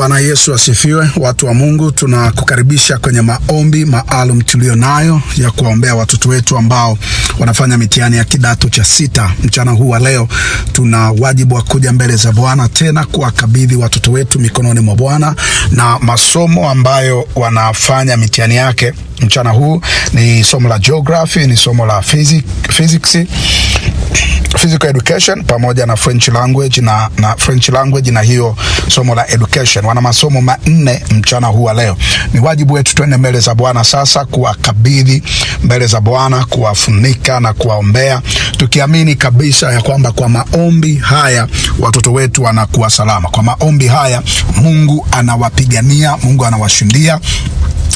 Bwana Yesu asifiwe. Watu wa Mungu, tunakukaribisha kwenye maombi maalum tulio nayo ya kuwaombea watoto wetu ambao wanafanya mitihani ya kidato cha sita. Mchana huu wa leo tuna wajibu wa kuja mbele za Bwana tena kuwakabidhi watoto wetu mikononi mwa Bwana na masomo ambayo wanafanya mitihani yake mchana huu ni somo la geography, ni somo la physics, physics physical education pamoja na French language na, na French language na hiyo somo la education. Wana masomo manne mchana huu wa leo. Ni wajibu wetu twende mbele za Bwana sasa, kuwakabidhi mbele za Bwana, kuwafunika na kuwaombea, tukiamini kabisa ya kwamba kwa maombi haya watoto wetu wanakuwa salama. Kwa maombi haya Mungu anawapigania, Mungu anawashindia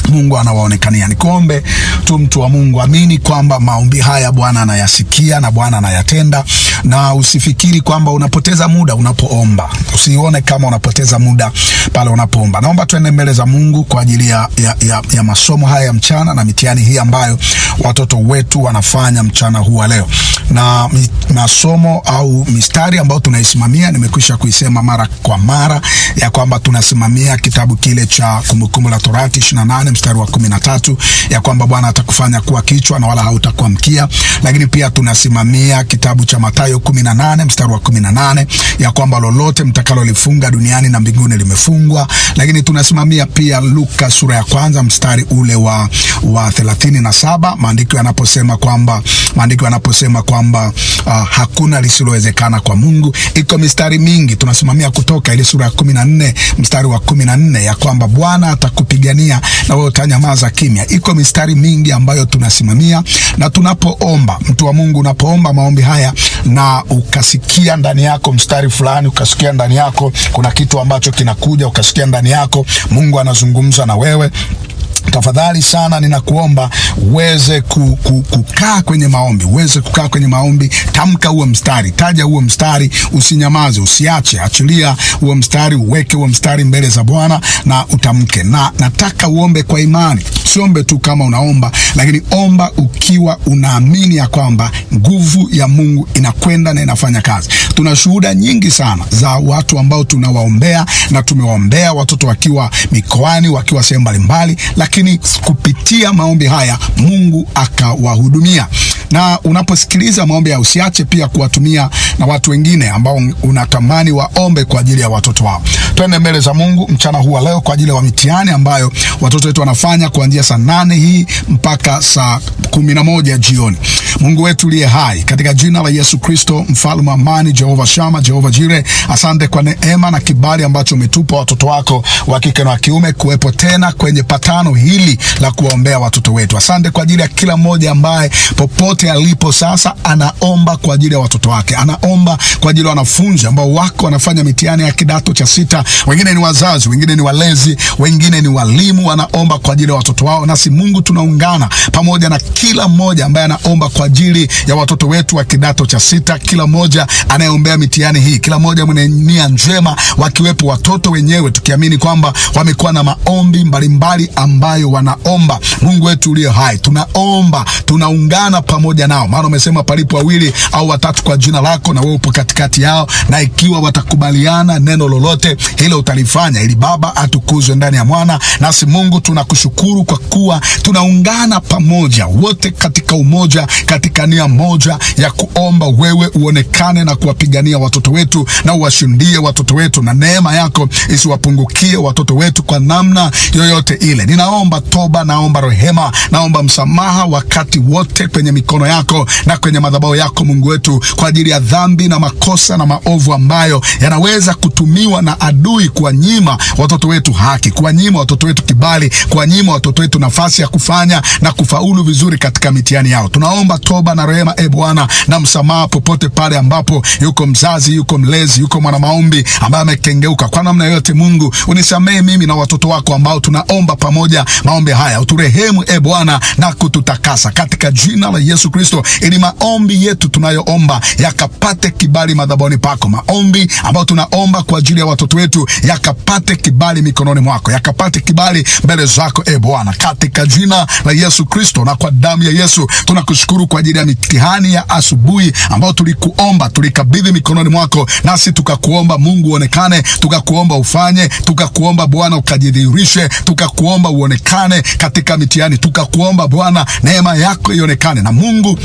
Mungu anawaonekania. Nikuombe tu mtu wa Mungu, amini kwamba maombi haya Bwana anayasikia na Bwana anayatenda, na usifikiri kwamba unapoteza muda unapoomba. Usione kama unapoteza muda pale unapoomba. Naomba tuende mbele za Mungu kwa ajili ya, ya, ya, ya masomo haya ya mchana na mitihani hii ambayo watoto wetu wanafanya mchana huu wa leo, na masomo au mistari ambayo tunaisimamia nimekwisha kuisema mara kwa mara ya kwamba tunasimamia kitabu kile cha Kumbukumbu la Torati nane mstari wa 13 ya kwamba Bwana atakufanya kuwa kichwa na wala hautakuwa mkia. Lakini pia tunasimamia kitabu cha Mathayo 18 mstari wa 18 ya kwamba lolote mtakalolifunga duniani na mbinguni limefungwa. Lakini tunasimamia pia Luka sura ya kwanza mstari ule wa, wa 37 maandiko yanaposema kwamba maandiko yanaposema kwamba uh, hakuna lisilowezekana kwa Mungu. Iko mistari mingi tunasimamia kutoka ile sura ya 14 mstari wa 14 ya kwamba Bwana atakupigania na wewe utanyamaza kimya. Iko mistari mingi ambayo tunasimamia na tunapoomba, mtu wa Mungu, unapoomba maombi haya na ukasikia ndani yako mstari fulani, ukasikia ndani yako kuna kitu ambacho kinakuja, ukasikia ndani yako Mungu anazungumza na wewe tafadhali sana ninakuomba uweze ku, ku, kukaa kwenye maombi, uweze kukaa kwenye maombi. Tamka huo mstari, taja huo mstari, usinyamaze, usiache, achilia huo mstari, uweke huo mstari mbele za Bwana na utamke. Na nataka uombe kwa imani, usiombe tu kama unaomba, lakini omba ukiwa unaamini ya kwamba nguvu ya Mungu inakwenda na inafanya kazi. Tuna shuhuda nyingi sana za watu ambao tunawaombea na tumewaombea watoto wakiwa mikoani, wakiwa sehemu mbalimbali, lakini kupitia maombi haya Mungu akawahudumia na unaposikiliza maombi ya usiache pia kuwatumia na watu wengine ambao unatamani waombe kwa ajili ya watoto wao. Twende mbele za Mungu mchana huu wa leo kwa ajili ya mitihani ambayo watoto wetu wanafanya kuanzia saa nane hii mpaka saa kumi na moja jioni. Mungu wetu uliye hai, katika jina la Yesu Kristo, mfalme amani, Jehova Shama, Jehova Jire, asante kwa neema na kibali ambacho umetupa watoto wako wa kike na wa kiume kuwepo tena kwenye patano hili la kuwaombea watoto wetu. Asante kwa ajili ya kila mmoja ambaye popote popote alipo sasa anaomba kwa ajili ya watoto wake, anaomba kwa ajili ya wanafunzi ambao wako wanafanya mitihani ya kidato cha sita. Wengine ni wazazi, wengine ni walezi, wengine ni walimu, wanaomba kwa ajili ya watoto wao. Nasi Mungu tunaungana pamoja na kila mmoja ambaye anaomba kwa ajili ya watoto wetu wa kidato cha sita, kila mmoja anayeombea mitihani hii, kila mmoja mwenye nia njema, wakiwepo watoto wenyewe, tukiamini kwamba wamekuwa na maombi mbalimbali ambayo wanaomba. Mungu wetu uliye hai, tunaomba tunaungana pamoja pamoja nao, maana umesema palipo wawili au watatu kwa jina lako, na wewe upo katikati yao, na ikiwa watakubaliana neno lolote, hilo utalifanya, ili Baba atukuzwe ndani ya Mwana. Nasi Mungu tunakushukuru kwa kuwa tunaungana pamoja wote katika umoja, katika nia moja ya kuomba wewe uonekane na kuwapigania watoto wetu na uwashindie watoto wetu, na neema yako isiwapungukie watoto wetu kwa namna yoyote ile. Ninaomba toba, naomba rehema, naomba msamaha wakati wote kwenye mikono mikono yako na kwenye madhabahu yako Mungu wetu, kwa ajili ya dhambi na makosa na maovu ambayo yanaweza kutumiwa na adui kuwanyima watoto wetu haki, kuwanyima watoto wetu kibali, kuwanyima watoto wetu nafasi ya kufanya na kufaulu vizuri katika mitihani yao. Tunaomba toba na rehema, e Bwana, na msamaha popote pale ambapo yuko mzazi, yuko mlezi, yuko mwana maombi ambaye amekengeuka kwa namna yoyote. Mungu unisamehe mimi na watoto wako ambao tunaomba pamoja maombi haya, uturehemu e Bwana na kututakasa katika jina la Yesu Yesu Kristo, ili maombi yetu tunayoomba yakapate kibali madhabahuni pako, maombi ambayo tunaomba kwa ajili ya watoto wetu yakapate kibali mikononi mwako, yakapate kibali mbele zako, e Bwana, katika jina la Yesu Kristo na kwa damu ya Yesu. Tunakushukuru kwa ajili ya mitihani ya asubuhi ambayo tulikuomba, tulikabidhi mikononi mwako, nasi tukakuomba Mungu uonekane, tukakuomba ufanye, tukakuomba Bwana ukajidhihirishe, tukakuomba uonekane katika mitihani, tukakuomba Bwana neema yako ionekane na Mungu Mungu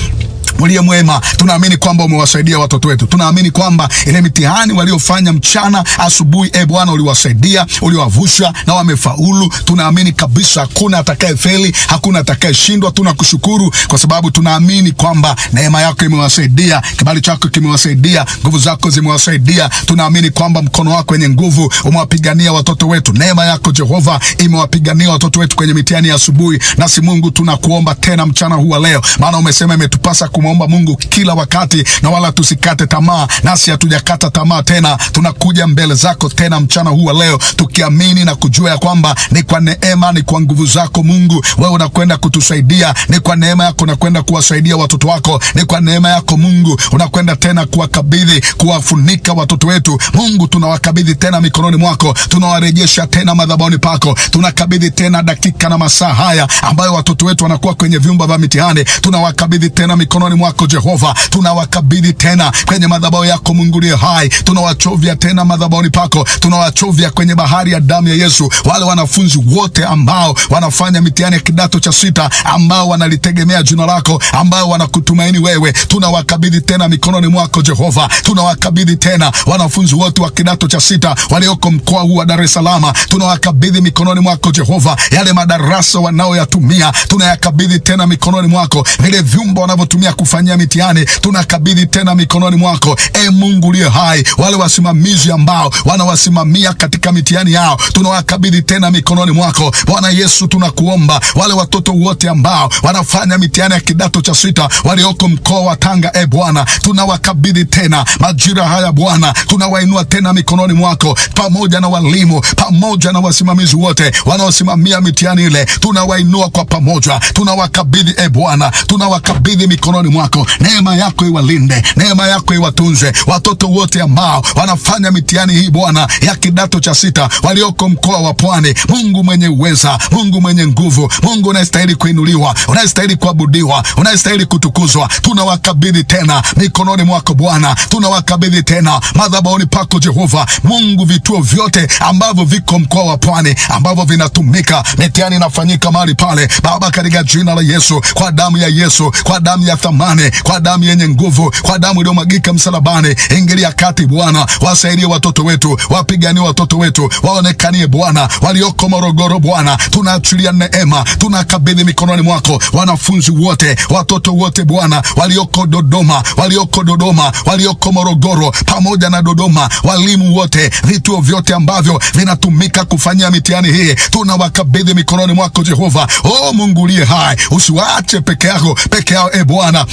uliye mwema. Tunaamini kwamba umewasaidia watoto wetu, tunaamini kwamba ile mitihani waliofanya mchana, asubuhi, e Bwana, uliwasaidia, uliwavusha na wamefaulu. Tunaamini kabisa hakuna atakaye feli, hakuna atakayeshindwa. Tunakushukuru kwa sababu tunaamini kwamba neema yako imewasaidia, kibali chako kimewasaidia, nguvu zako zimewasaidia. Tunaamini kwamba mkono wako wenye nguvu umewapigania watoto wetu. Neema yako Jehova imewapigania watoto wetu kwenye mitihani ya asubuhi. Nasi Mungu tunakuomba tena mchana huu wa leo, maana umesema imetupasa kumwa tunamwomba Mungu kila wakati na wala tusikate tamaa, nasi hatujakata tamaa tena. Tunakuja mbele zako tena mchana huu wa leo tukiamini na kujua ya kwamba ni kwa neema, ni kwa nguvu zako Mungu wewe unakwenda kutusaidia, ni kwa neema yako unakwenda kuwasaidia watoto wako, ni kwa neema yako Mungu unakwenda tena kuwakabidhi, kuwafunika watoto wetu Mungu, tunawakabidhi tena mikononi mwako, tunawarejesha tena madhabahuni pako, tunakabidhi tena dakika na masaa haya ambayo watoto wetu wanakuwa kwenye vyumba vya mitihani, tunawakabidhi tena mikononi mikononi mwako Jehova. Tunawakabidhi tena kwenye madhabahu yako Mungu hai, tunawachovya tena madhabahuni pako, tunawachovya kwenye bahari ya damu ya Yesu wale wanafunzi wote ambao wanafanya mitihani ya kidato cha sita, ambao wanalitegemea jina lako, ambao wanakutumaini wewe, tunawakabidhi tena mikononi mwako Jehova. Tunawakabidhi tena wanafunzi wote wa kidato cha sita walioko mkoa huu wa Dar es Salaam, tunawakabidhi mikononi mwako Jehova. Yale madarasa wanaoyatumia tunayakabidhi tena mikononi mwako, vile vyumba wanavyotumia kufanyia mitihani tunakabidhi tena mikononi mwako, e Mungu uliye hai. Wale wasimamizi ambao wanawasimamia katika mitihani yao tunawakabidhi tena mikononi mwako Bwana Yesu. Tunakuomba wale watoto wote ambao wanafanya mitihani ya kidato cha sita walioko mkoa wa Tanga, e Bwana, tunawakabidhi tena majira haya Bwana, tunawainua tena mikononi mwako, pamoja na walimu, pamoja na wasimamizi wote wanaosimamia mitihani ile, tunawainua kwa pamoja, tunawakabidhi e Bwana, tunawakabidhi mikononi mikononi mwako. Neema yako iwalinde, neema yako iwatunze watoto wote ambao wanafanya mitihani hii Bwana ya kidato cha sita, walioko mkoa wa Pwani. Mungu mwenye uweza, Mungu mwenye nguvu, Mungu unayestahili kuinuliwa, unayestahili kuabudiwa, unayestahili kutukuzwa, tunawakabidhi tena mikononi mwako Bwana, tunawakabidhi tena madhabahuni pako Jehova Mungu, vituo vyote ambavyo viko mkoa wa Pwani ambavyo vinatumika mitihani inafanyika mahali pale, Baba, katika jina la Yesu, kwa damu ya Yesu, kwa damu ya thamani tuandamane kwa damu yenye nguvu, kwa damu iliyomwagika msalabani. Ingilia kati Bwana, wasaidie watoto wetu, wapiganie watoto wetu, waonekanie Bwana walioko Morogoro. Bwana, tunaachilia neema, tunakabidhi mikononi mwako wanafunzi wote, watoto wote Bwana walioko Dodoma, walioko Dodoma, walioko Morogoro pamoja na Dodoma, walimu wote, vituo vyote ambavyo vinatumika kufanyia mitihani hii, tunawakabidhi mikononi mwako Jehova. O Mungu uliye hai, usiwaache peke yako peke yao, e Bwana,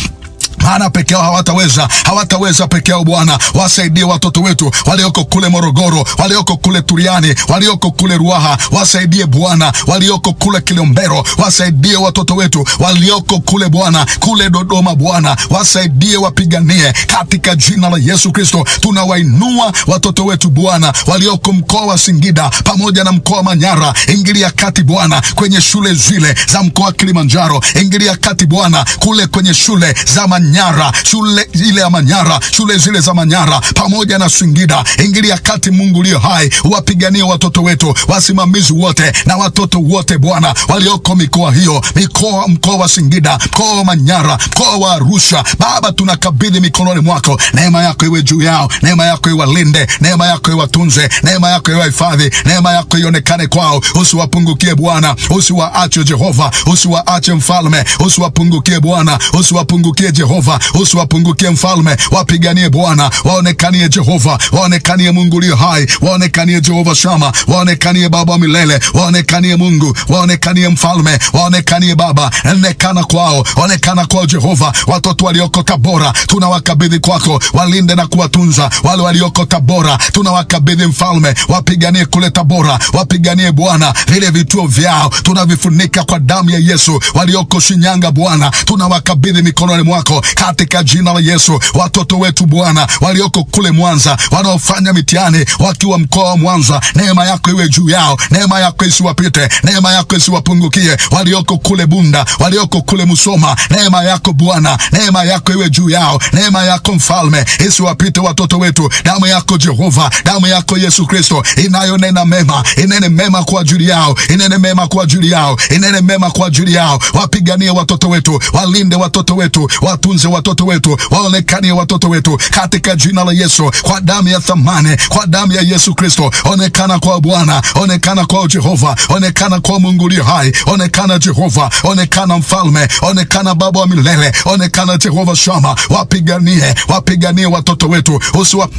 maana peke yao hawataweza, hawataweza peke yao. Bwana, wasaidie watoto wetu walioko kule Morogoro, walioko kule Turiani, walioko kule Ruaha, wasaidie Bwana, walioko kule Kilombero, wasaidie watoto wetu walioko kule Bwana, kule Dodoma, Bwana wasaidie, wapiganie katika jina la Yesu Kristo. Tunawainua watoto wetu Bwana, walioko mkoa wa Singida pamoja na mkoa wa Manyara, ingilia kati Bwana, kwenye shule zile za mkoa wa Kilimanjaro, ingilia kati Bwana, kule kwenye shule za Manyara. Manyara, shule ile ya Manyara, shule zile za Manyara pamoja na Singida. Ingilia kati, Mungu liyo hai, wapiganie watoto wetu, wasimamizi wote na watoto wote Bwana walioko mikoa hiyo, mikoa mkoa wa Singida, mkoa wa Manyara, mkoa wa Arusha. Baba, tunakabidhi mikononi mwako, neema yako iwe juu yao, neema yako iwalinde, neema yako iwatunze, neema yako iwahifadhi, neema yako ionekane kwao, usiwapungukie Bwana, usiwaache Jehova, usiwaache mfalme, usiwapungukie Bwana, usiwapungukie Jehova Jehova, usiwapungukie mfalme, wapiganie Bwana, waonekanie Jehova, waonekanie Mungu uliye hai, waonekanie Jehova Shama, waonekanie Baba wa milele, waonekanie Mungu, waonekanie mfalme, waonekanie Baba. Onekana kwao, onekana kwao Jehova. Watoto walioko Tabora tunawakabidhi kwako, walinde na kuwatunza wale walioko Tabora, tunawakabidhi mfalme, wapiganie kule Tabora, wapiganie Bwana, vile vituo vyao tunavifunika kwa damu ya Yesu. Walioko Shinyanga Bwana, tunawakabidhi mikononi mwako, katika jina la Yesu. Watoto wetu Bwana walioko kule Mwanza wanaofanya mitihani wakiwa mkoa wa Mwanza, neema yako iwe juu yao, neema yako isiwapite, neema yako isiwapungukie. Walioko kule Bunda, walioko kule Musoma, neema yako Bwana, neema yako iwe juu yao, neema yako Mfalme isiwapite watoto wetu. Damu yako Jehova, damu yako Yesu Kristo inayonena mema, inene mema kwa ajili yao, inene mema kwa ajili yao, inene mema kwa ajili yao. Wapiganie watoto wetu, walinde watoto wetu, watunze watunze watoto wetu, waonekanie watoto wetu katika jina la Yesu, kwa damu ya thamani, kwa damu ya Yesu Kristo. Onekana kwa Bwana, onekana kwa Jehova, onekana kwa Mungu li hai, onekana Jehova, onekana Mfalme, onekana Baba wa milele, onekana Jehova Shama. Wapiganie, wapiganie watoto wetu usiwa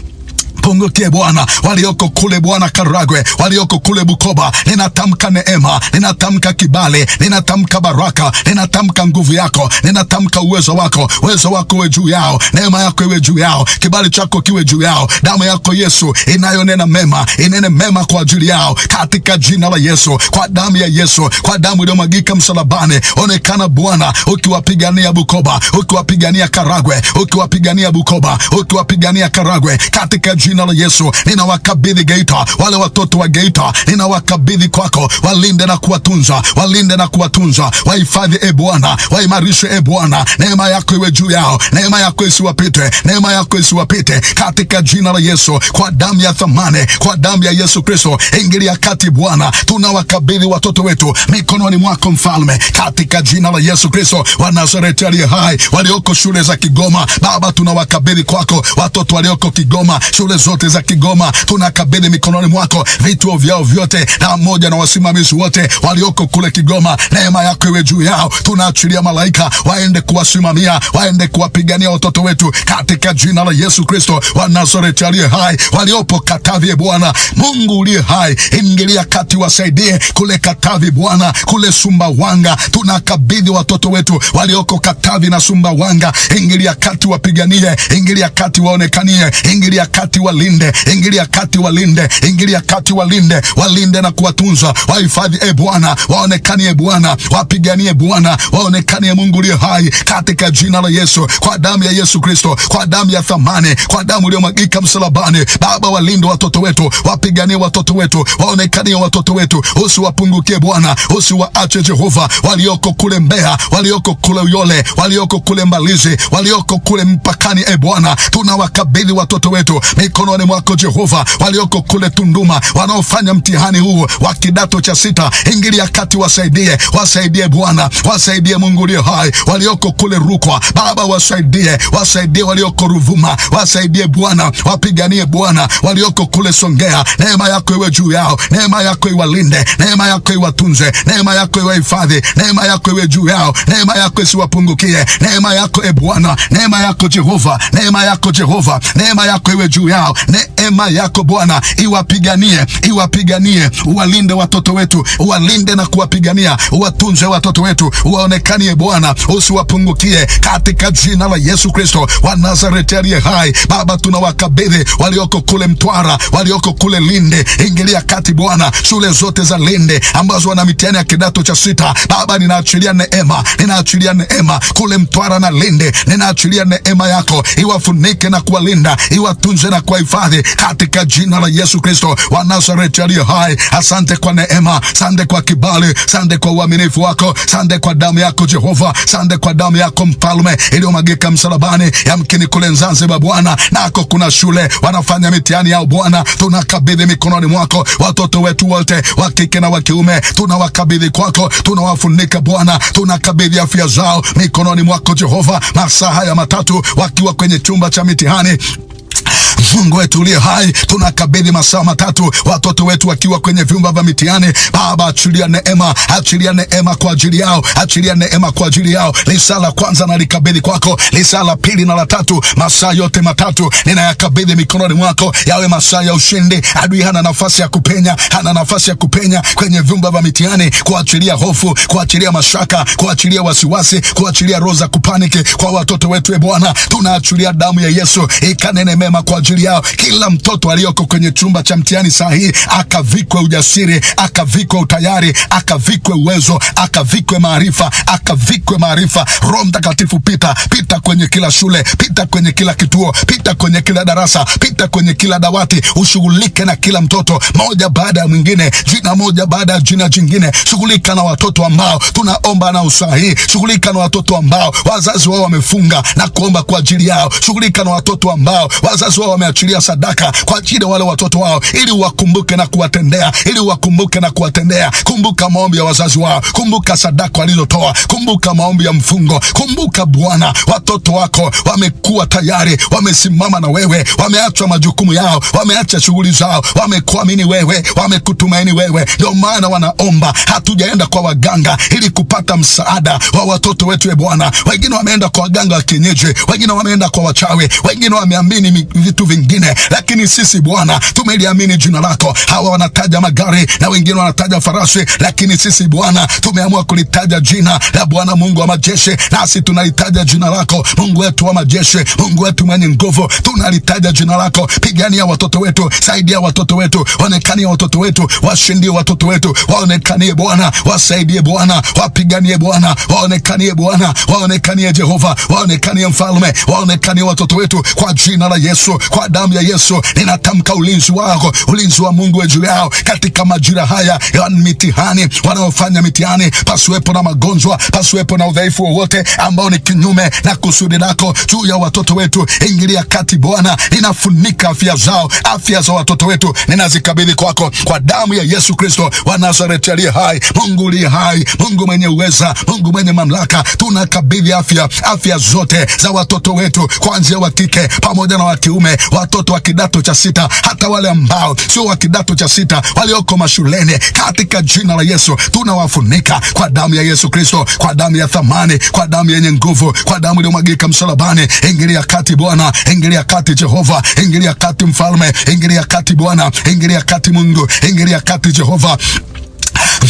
pongotie Bwana walioko kule Bwana Karagwe, walioko kule Bukoba. Ninatamka neema, ninatamka kibali, ninatamka baraka, ninatamka nguvu yako, ninatamka uwezo wako. Uwezo wako we juu yao, neema yako iwe juu yao, kibali chako kiwe juu yao. Damu yako Yesu inayonena mema, inene mema kwa ajili yao, katika jina la Yesu, kwa damu ya Yesu, kwa damu iliyomwagika msalabani. Onekana Bwana ukiwapigania Bukoba, ukiwapigania Karagwe, ukiwapigania Bukoba, ukiwapigania Karagwe katika jina la Yesu ninawakabidhi Geita, wale watoto wa Geita ninawakabidhi kwako, walinde na kuwatunza, walinde na kuwatunza, wahifadhi e Bwana, waimarishe e Bwana, neema yako iwe juu yao, neema yako isiwapite, neema yako isiwapite katika jina la Yesu, kwa damu ya thamani, kwa damu ya Yesu Kristo, ingilia kati Bwana, tunawakabidhi watoto wetu mikononi mwako Mfalme, katika jina la Yesu Kristo wa Nazareti aliye hai, walioko shule za Kigoma Baba, tunawakabidhi kwako watoto walioko Kigoma shule zote za Kigoma tunakabidhi mikononi mwako vituo vyao vyote na moja na wasimamizi wote walioko kule Kigoma. Neema yako iwe juu yao. Tunaachilia malaika waende kuwasimamia, waende kuwapigania watoto wetu katika jina la Yesu Kristo wa Nazareti aliye hai. Waliopo Katavi, Bwana Mungu uliye hai, ingilia kati, wasaidie kule Katavi Bwana, kule Sumbawanga tunakabidhi watoto wetu walioko Katavi na Sumbawanga, ingilia kati, wapiganie, ingilia kati, waonekanie, ingilia kati walinde, ingilia kati walinde, ingilia kati walinde, walinde na kuwatunza, wahifadhi e Bwana, waonekanie Bwana, wapiganie Bwana, waonekanie Mungu uliye hai, katika jina la Yesu, kwa damu ya Yesu Kristo, kwa damu ya thamani, kwa damu iliyomwagika msalabani. Baba, walinde watoto wetu, wapiganie watoto wetu, waonekanie watoto wetu, usiwapungukie Bwana, usiwaache Jehova, walioko kule Mbeya, walioko kule Uyole, walioko kule Mbalizi, walioko kule mpakani, e Bwana, tunawakabidhi watoto wetu Mik mkononi mwako Jehova. Walioko kule Tunduma wanaofanya mtihani huu wa kidato cha sita, ingilia kati, wasaidie, wasaidie Bwana, wasaidie Mungu uliye hai. Walioko kule Rukwa Baba, wasaidie, wasaidie walioko Ruvuma, wasaidie Bwana, wapiganie Bwana. Walioko kule Songea, neema yako iwe juu yao, neema yako iwalinde, neema yako iwatunze, neema yako iwahifadhi, neema yako iwe juu yao, neema yako isiwapungukie, neema yako e Bwana, neema yako Jehova, neema yako Jehova, neema yako iwe juu yao yao. Neema yako Bwana iwapiganie, iwapiganie, uwalinde watoto wetu, uwalinde na kuwapigania, uwatunze watoto wetu, uwaonekanie Bwana, usiwapungukie katika jina la Yesu Kristo wa Nazareti aliye hai. Baba, tunawakabidhi walioko kule Mtwara, walioko kule Lindi, ingilia kati Bwana, shule zote za Lindi ambazo wana mitihani ya kidato cha sita. Baba, ninaachilia neema, ninaachilia neema kule Mtwara na Lindi, ninaachilia neema yako iwafunike na kuwalinda, iwatunze na kuwa wahifadhi katika jina la Yesu Kristo wa Nazareti aliye hai. Asante kwa neema, sande kwa kibali, sande kwa uaminifu wako, sande kwa damu yako Jehova, sande kwa damu yako mfalme iliyomwagika msalabani. Yamkini kule Zanzibar Bwana nako kuna shule wanafanya mitihani yao Bwana, tunakabidhi mikononi mwako watoto wetu wote wa kike na wa kiume, tunawakabidhi kwako, tunawafunika Bwana, tunakabidhi afya zao mikononi mwako Jehova, masaa haya matatu wakiwa kwenye chumba cha mitihani Mungu wetu uliye hai, tunakabidhi masaa matatu watoto wetu wakiwa kwenye vyumba vya mitihani. Baba, achilia neema, achilia neema kwa ajili yao, achilia neema kwa ajili yao. Lisaa la kwanza nalikabidhi kwako, lisaa la pili na la tatu, masaa yote matatu ninayakabidhi mikononi mwako, yawe masaa ya ushindi. Adui hana nafasi ya kupenya, hana nafasi ya kupenya kwenye vyumba vya mitihani, kuachilia hofu, kuachilia mashaka, kuachilia wasiwasi, kuachilia roho za kupaniki kwa watoto wetu. E Bwana, tunaachilia damu ya Yesu ikaneneme mema kwa ajili yao. Kila mtoto aliyoko kwenye chumba cha mtihani saa hii akavikwe ujasiri, akavikwe utayari, akavikwe uwezo, akavikwe maarifa, akavikwe maarifa. Roho Mtakatifu, pita pita kwenye kila shule, pita kwenye kila kituo, pita kwenye kila darasa, pita kwenye kila dawati, ushughulike na kila mtoto moja baada ya mwingine, jina moja baada ya jina jingine. Shughulika na watoto ambao tunaomba na usahihi, shughulika na watoto ambao wazazi wao wamefunga na kuomba kwa ajili yao, shughulika na watoto ambao wazazi wao wameachilia sadaka kwa ajili ya wale watoto wao, ili wakumbuke na kuwatendea, ili wakumbuke na kuwatendea. Kumbuka maombi ya wazazi wao, kumbuka sadaka walizotoa, kumbuka maombi ya mfungo, kumbuka Bwana. Watoto wako wamekuwa tayari, wamesimama na wewe, wameacha majukumu yao, wameacha shughuli zao, wamekuamini wewe, wamekutumaini wewe. Ndio maana wanaomba. Hatujaenda kwa waganga ili kupata msaada wa watoto wetu, e Bwana. Wengine wameenda kwa waganga wa kienyeji, wengine wameenda kwa wachawi, wengine wameamini vitu vingine, lakini sisi Bwana tumeliamini jina lako. Hawa wanataja magari na wengine wanataja farasi, lakini sisi Bwana tumeamua kulitaja jina la Bwana Mungu wa majeshi, nasi tunalitaja jina lako Mungu wetu wa majeshi, Mungu wetu mwenye nguvu, tunalitaja jina lako. Pigania watoto wetu, saidia watoto wetu, onekanie watoto wetu, washindie watoto wetu, waonekanie Bwana, wasaidie Bwana, wapiganie Bwana, waonekanie Bwana, waonekanie Jehova, waonekanie Mfalme, waonekanie watoto wetu kwa jina la Yesu, kwa damu ya Yesu ninatamka ulinzi wako, ulinzi wa Mungu juu yao katika majira haya ya yaani mitihani, wanaofanya mitihani, pasiwepo na magonjwa, pasiwepo na udhaifu wowote ambao ni kinyume na kusudi lako juu ya watoto wetu. Ingilia kati Bwana, ninafunika afya zao, afya za watoto wetu ninazikabidhi kwako, kwa damu ya Yesu Kristo wa Nazareti aliye hai, Mungu uliye hai, Mungu mwenye uweza, Mungu mwenye mamlaka, tunakabidhi afya, afya zote za watoto wetu, kuanzia wa kike pamoja na wa kiume, watoto wa kidato cha sita, hata wale ambao sio wa kidato cha sita, walioko mashuleni, katika jina la Yesu tunawafunika kwa damu ya Yesu Kristo, kwa damu ya thamani, kwa damu yenye nguvu, kwa damu iliyomwagika msalabani. Ingilia kati Bwana, ingilia kati Jehova, ingilia kati Mfalme, ingilia kati Bwana, ingilia kati Mungu, ingilia kati Jehova.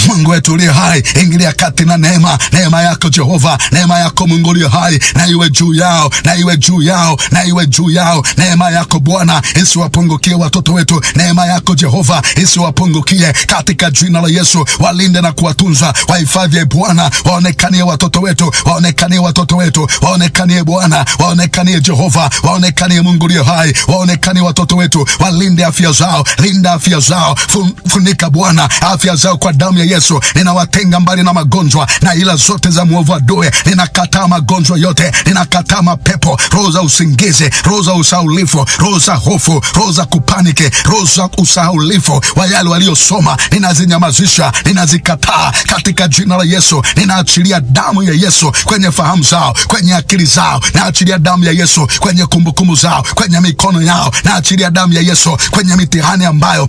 Mungu wetu uliye hai, ingilia kati na neema, neema yako Jehova, neema yako Mungu uliye hai, na iwe juu yao, na iwe juu yao, na iwe juu yao. Neema yako Bwana isiwapungukie watoto wetu, neema yako Jehova isiwapungukie katika jina la Yesu. Walinde na kuwatunza, wahifadhie Bwana, waonekanie watoto wetu, waonekanie watoto wetu, waonekanie Bwana, waonekanie Jehova, waonekanie Mungu uliye hai, waonekanie watoto wetu, walinde afya zao, linda afya zao, funika Bwana afya zao kwa damu damu ya Yesu ninawatenga mbali na magonjwa na ila zote za mwovu adui. Ninakataa magonjwa yote, ninakataa mapepo, roho za usingizi, roho za usaulifu, roho za hofu, roho za kupaniki, roho za usaulifu wa yale waliosoma, ninazinyamazisha, ninazikataa katika jina la Yesu. Ninaachilia damu ya Yesu kwenye fahamu zao, kwenye akili zao, naachilia damu ya Yesu kwenye kumbukumbu zao, kwenye mikono yao, naachilia damu ya Yesu kwenye mitihani ambayo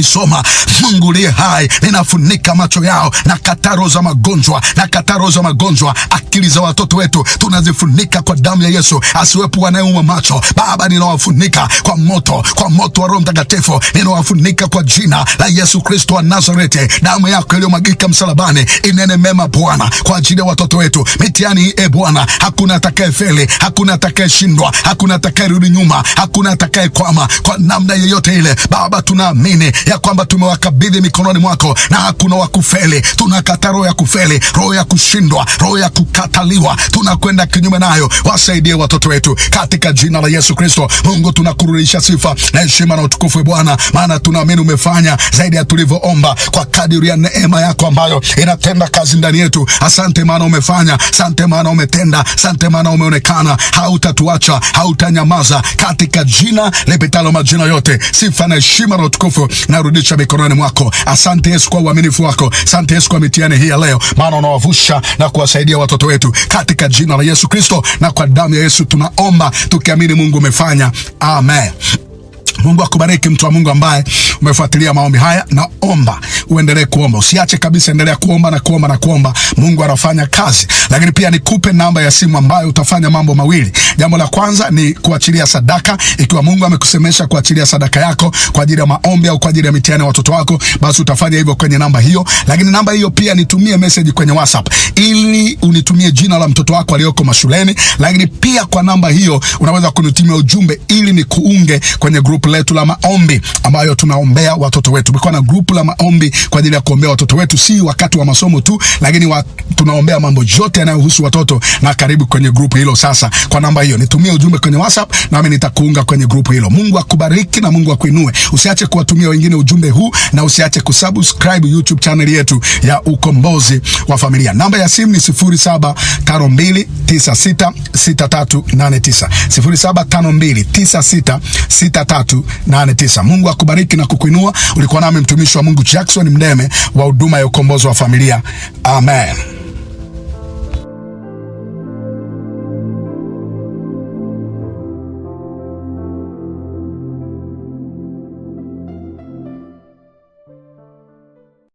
isoma, Mungu liye hai, ninafunika macho yao na kataro za magonjwa na kataro za magonjwa. Akili za watoto wetu tunazifunika kwa damu ya Yesu, asiwepo wanayeuma macho. Baba, ninawafunika kwa moto, kwa moto wa Roho Mtakatifu, ninawafunika kwa jina la Yesu Kristo wa Nazareti. Damu yako iliyomwagika msalabani inene mema Bwana, kwa ajili ya watoto wetu mitihani hii. E Bwana, hakuna atakayefeli, hakuna atakayeshindwa, hakuna atakayerudi nyuma, hakuna atakayekwama kwa namna yeyote ile. Baba, tunaamini wengine ya kwamba tumewakabidhi mikononi mwako na hakuna wa kufeli. Tunakataa roho ya kufeli, roho ya kushindwa, roho ya kukataliwa, tunakwenda kinyume nayo. Wasaidie watoto wetu katika jina la Yesu Kristo. Mungu, tunakurudisha sifa na heshima na utukufu Bwana, maana tunaamini umefanya zaidi ya tulivyoomba kwa kadiri ya neema yako ambayo inatenda kazi ndani yetu. Asante maana umefanya, asante maana umetenda, asante maana umeonekana. Hautatuacha, hautanyamaza, katika jina lipitalo majina yote, sifa na heshima na utukufu narudisha mikononi mwako. Asante Yesu kwa uaminifu wako. Asante Yesu kwa mitihani hii ya leo, maana unawavusha na kuwasaidia watoto wetu, katika jina la Yesu Kristo na kwa damu ya Yesu tunaomba tukiamini, Mungu umefanya. Amen. Mungu akubariki mtu wa Mungu ambaye umefuatilia maombi haya, naomba uendelee kuomba, usiache kabisa, endelea kuomba na kuomba na kuomba. Mungu anafanya kazi, lakini pia nikupe namba ya simu ambayo utafanya mambo mawili. Jambo la kwanza ni kuachilia sadaka. Ikiwa Mungu amekusemesha kuachilia sadaka yako kwa ajili ya maombi au kwa ajili ya mitihani ya watoto wako, basi utafanya hivyo kwenye namba hiyo. Lakini namba hiyo pia nitumie message kwenye WhatsApp ili unitumie jina la mtoto wako aliyoko mashuleni, lakini pia kwa namba hiyo unaweza kunitumia ujumbe ili nikuunge kwenye group grupu letu la maombi ambayo tunaombea watoto wetu. Tumekuwa na grupu la maombi kwa ajili ya kuombea watoto wetu, si wakati wa masomo tu, lakini wa, tunaombea mambo yote yanayohusu watoto, na karibu kwenye grupu hilo sasa. Kwa namba hiyo nitumie ujumbe kwenye WhatsApp nami nitakuunga kwenye grupu hilo. Mungu akubariki na Mungu akuinue. Usiache kuwatumia wengine ujumbe huu na usiache kusubscribe YouTube channel yetu ya Ukombozi wa Familia. Namba ya simu ni 0752966389 07529663 9389. Mungu akubariki na kukuinua. Ulikuwa nami mtumishi wa Mungu Jackson Mndeme wa huduma ya ukombozi wa familia. Amen.